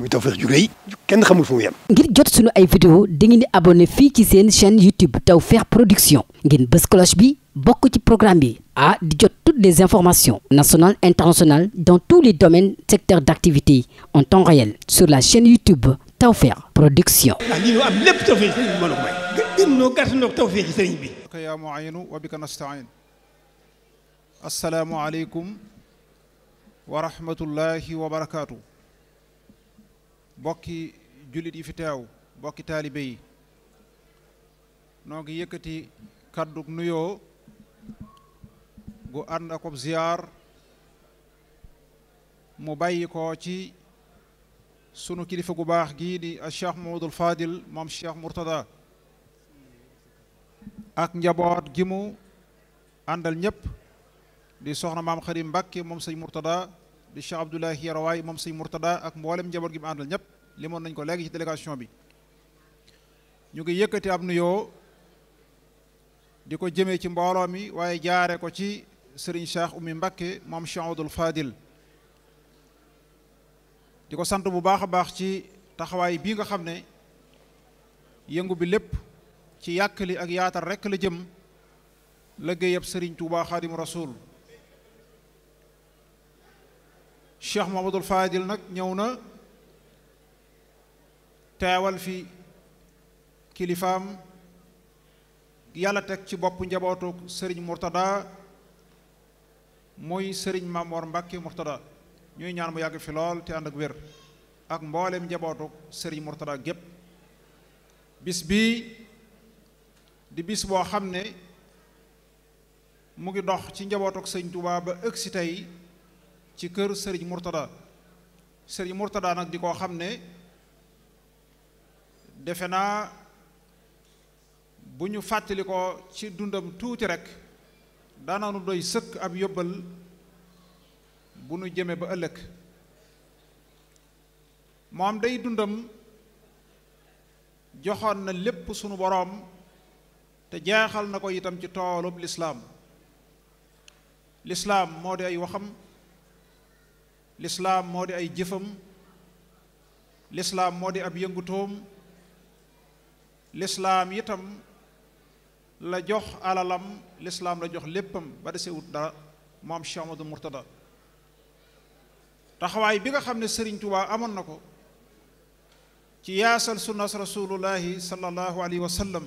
muy Tawfekh ju rëy kenn xamul fu mu yem. ngir jot sunu ay vidéo dangeen di abonné fii ci seen chaîne YouTube Tawfekh Production ngeen bës bi bokk ci programme bi a di jot toutes les informations nationales internationales dans tous les domaines secteurs d'activité en temps réel sur la chaîne YouTube Tawfekh Production. ah lii ñu am lépp Tawfekh sëriñ bi mën a may. gën ñoo gàtt ñoo Tawfekh sëriñ bi. ok yaa mu'ayinu wa bika nasta'in. asalaamaaleykum wa rahmatullahi wa barakaatu. bokki jullit yi fi teew bokki taalibe yi noo ngi yëkkati kàddug nuyoo gu ànd akob ziyaar mu bàyyi ko ci sunu kilifa gu baax gi di Cheikh Mamadul Fadil moom Cheikh Mourtada ak njaboot gi mu àndal ñépp di soxna maam Xarim Mbàkke moom sëñ Mourtada di Cheikh Abdoulahi Rawaay moom sëñ Mourtada ak mboolem njaboot gi mu àndal ñëpp limoon nañ ko léegi ci délégation bi ñu ngi yëkkati ab nuyoo di ko jëmee ci mbooloo mi waaye jaare ko ci sëriñ Cheikh Oumy Mbacké moom Cheikh Abdoul Fadil di ko sant bu baax a baax ci taxawaay bii nga xam ne yëngu bi lépp ci yàkkali ak yaatal rekk la jëm liggéeyab sëriñ Touba Xaadimu Rasuul cheikh Mouhamadul Fadil nag ñëw na teewal fi kilifaam yàlla teg ci bopp njabootu sëriñ Mourtada muy sëriñ Mamor Mbacke Mourtada ñuy ñaan mu yàgg fi lool te ànd ak wér ak mbooleem njabootu sëriñ Mourtada gépp bis bii di bis boo xam ne mu ngi dox ci njabootu sëñ Touba ba ëgg si tey ci kër sëriñ Mourtada sëriñ Mourtada nag di koo xam ne defe naa bu ñu fàttali ko ci dundam tuuti rekk daana nu doy sëkk ab yóbbal bu nu jëme ba ëllëg moom day dundam joxoon na lépp sunu boroom te jaaxal na ko itam ci toolub lislaam lislaam moo di ay waxam lislaam moo di ay jëfam lislaam moo di ab yëngutoom lislaam itam la jox alalam lislaam la jox léppam ba desewut dara moom Cheikh Amadou Mourtada taxawaay bi nga xam ne sëriñtuwaa amoon na ko ci yaasal sunnas rasulullahi sallallahu alayhi wa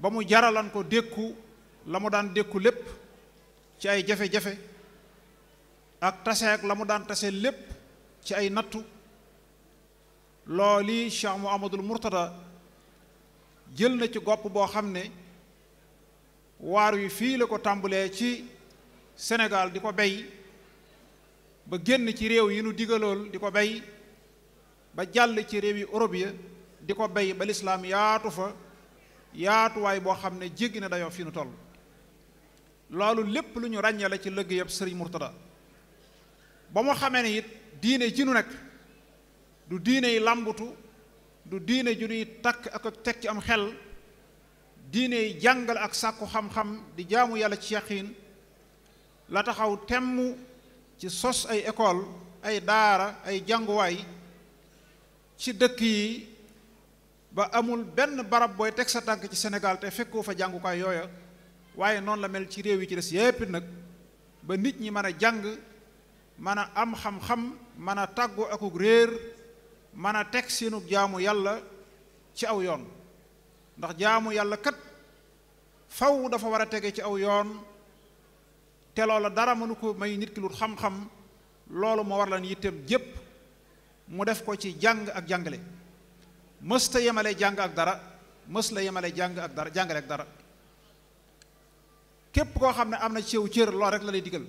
ba mu jaralaan ko dékku la mu daan dékku lépp ci ay jafe-jafe ak tase ak la mu daan tase lépp ci ay nattu looli Cheikh Muhammadul Murtada jël na ci gopp boo xam ne waar wi fii la ko tàmbalee ci Sénégal di ko bay ba génn ci réew yi nu digalool di ko bay ba jàll ci réew yi Europe ya di ko bay ba lislaam yaatu fa yaatuwaay boo xam ne jéggi na dayoo fi nu toll loolu lépp lu ñu ràññee la ci lëggéeyab Sëriñ Murtada ba mu xamee ne it diine ji nu nekk du diine yi làmbutu du diine ju nuy takk ak ak teg ci am xel diine yi jàngal ak sàkku xam-xam di jaamu yàlla ci yaqiin la taxaw temm ci sos ay école ay daara ay jànguwaay ci dëkk yi ba amul benn barab booy teg sa tànk ci Sénégal te fekkoo fa jàngukaay yooya waaye noonu la mel ci réew yi ci des yépp nag ba nit ñi mën a jàng mën a am xam-xam mën a tàggu akuk réer mën a teg seenu jaamu yàlla ci aw yoon ndax jaamu yàlla kat faw dafa war a tege ci aw yoon te loola dara mënu ko may nit ki lu xam-xam loolu moo war lan yitteem jépp mu def ko ci jàng ak jàngale mësta yemale jàng ak dara mës la yemale jàng ak dara jàngale ak dara képp koo xam ne am na ci ceew cër lool rek la lay digal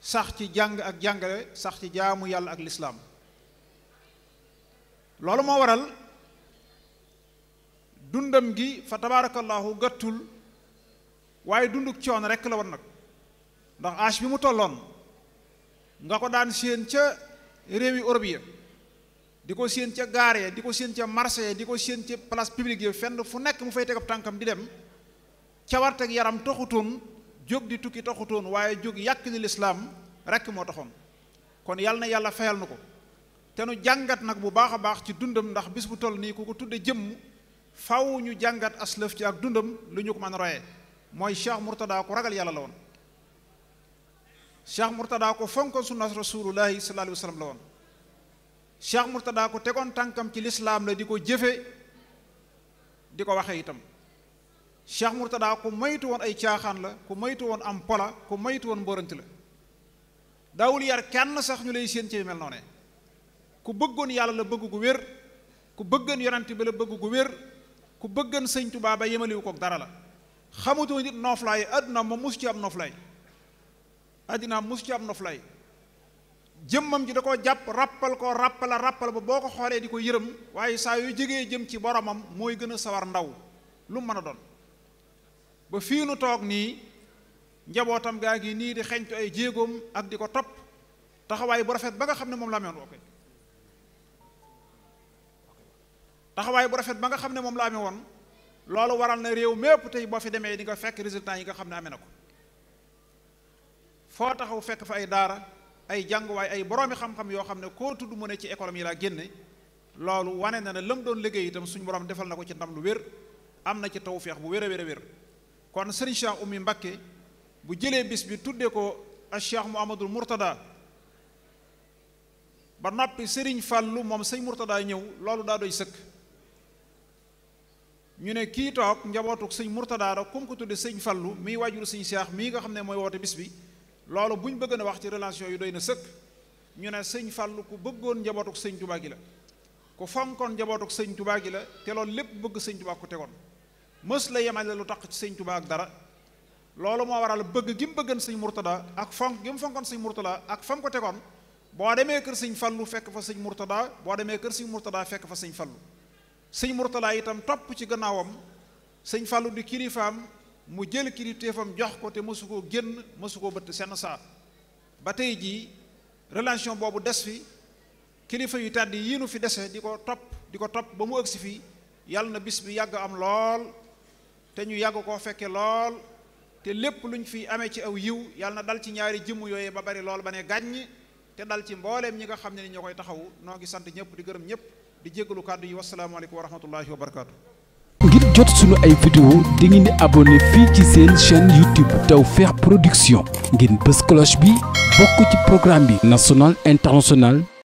sax ci jàng ak jàngale sax ci jaamu yàlla ak lislaam loolu moo waral dundam gi fa tabaarakallaahu gàttul waaye dunduk coon rekk la woon nag ndax âge bi mu tolloon nga ko daan séen ca réewi Europe ya di ko séen ca gaar ya di ko séen ca marché ya di ko séen ca place publique ya fenn fu nekk mu fay teg tànkam di dem cawarteg yaram taxutoon jóg di tukki taxutoon waaye jóg yàq di lislaam rekk moo taxoon kon yàlla na yàlla fayal na ko te nu jàngat nag bu baax a baax ci dundam ndax bis bu toll nii ku ko tudde jëmm faw ñu jàngat aslëf ci ak dundam lu ñu ko mën royee mooy Cheikh Mourtada ku ragal yàlla la woon Cheikh Mourtada ko fonkoon sunnas rasulullahi sallallahu alayhi la woon Cheikh Mourtada ko tegoon tànkam ci lislaam la di ko jëfe di ko waxe itam Cheikh Mourtada ku maytu woon ay caaxaan la ku maytu woon am pola ku maytu woon mboranti la daawul yar kenn sax ñu lay séen ci mel noone ku bëggoon yàlla la bëgg gu wér ku bëggoon yonent bi la bëgg gu wér ku bëggoon sëñ Tuubaa ba yemaliwu kook dara la xamutoo nit nooflaay àdduna ma mus ci am nooflaay àddina mus ci jëmmam ji da ko jàpp rappal ko rappala rappal ba boo ko xoolee di ko yërëm waaye saa yu jegee jëm ci boromam mooy gën a sawar ndaw lu mën a doon ba fii nu toog nii njabootam gaa ngi nii di xeñtu ay jéegoom ak di ko topp taxawaay bu rafet ba nga xam ne moom la amee woon taxawaay bu rafet ba nga xam ne moom la amee woon loolu waral na réew mépp tey boo fi demee di nga fekk résultant yi nga xam ne amee na ko foo taxaw fekk fa ay daara ay jànguwaay ay boroomi xam-xam yoo xam ne koo tudd mu ne ci économie laa génne loolu wane na ne lam doon liggéey itam suñu borom defal na ko ci ndam lu wér am na ci tawféex bu wér a wér a wér kon sëriñ Cheikh Oumy Mbakke bu jëlee bis bi tuddee ko ak Cheikh Mouhamadul Mourtada ba noppi sëriñ Fàllu moom sëñ Mourtada ñëw loolu daa doy sëkk ñu ne kii toog njabootuk sëñ Mourtada la comme ko tudde sëñ Fàllu mii waajur sëñ Cheikh mii nga xam ne mooy woote bis bi loolu bu ñu bëgg na wax ci relation yu doy na sëkk ñu ne sëñ Fàllu ku bëggoon njabootuk sëñ Tuubaa gi la ku fonkoon njabootuk sëñ tubaa gi la te lépp bëgg sëñ Tuubaa ku tegoon mës la yemale lu tax ci sëñ Tuubaa ak dara loolu moo waral bëgg gi mu bëggan sëñ Murtada ak fonk gi mu fonkoon sëñ Murtada ak fam ko tegoon boo demee kër sëñ Fallu fekk fa sëñ Murtada boo demee kër sëñ Murtada fekk fa sëñ Fallu sëñ Murtada itam topp ci gannaawam sëñ Fallu di kilifaam mu jël kilifteefam jox ko te mësu koo génn mësu koo bëtt senn saa ba tey jii relation boobu des fi kilifa yu tàdd yi nu fi dese di ko topp di ko topp ba mu ëgsi fii yàlla na bis bi yàgg am lool te ñu yàgg koo fekkee lool te lépp luñ fi amee ci aw yiw yàlla na dal ci ñaari jëmm yooye ba bari lool ba ne gàññ te dal ci mbooleem ñi nga xam ne ni ñoo koy taxawu noo ngi sant ñëpp di gërëm ñëpp di jéggalu kàddu yi wasalaamaaleykum wa rahmatullahi wa barakaatu. ngir jot suñu ay vidéo di ngeen di abonné fii ci seen chaîne YouTube Tawfekh Production ngir bës cloche bi bokk ci programme bi national international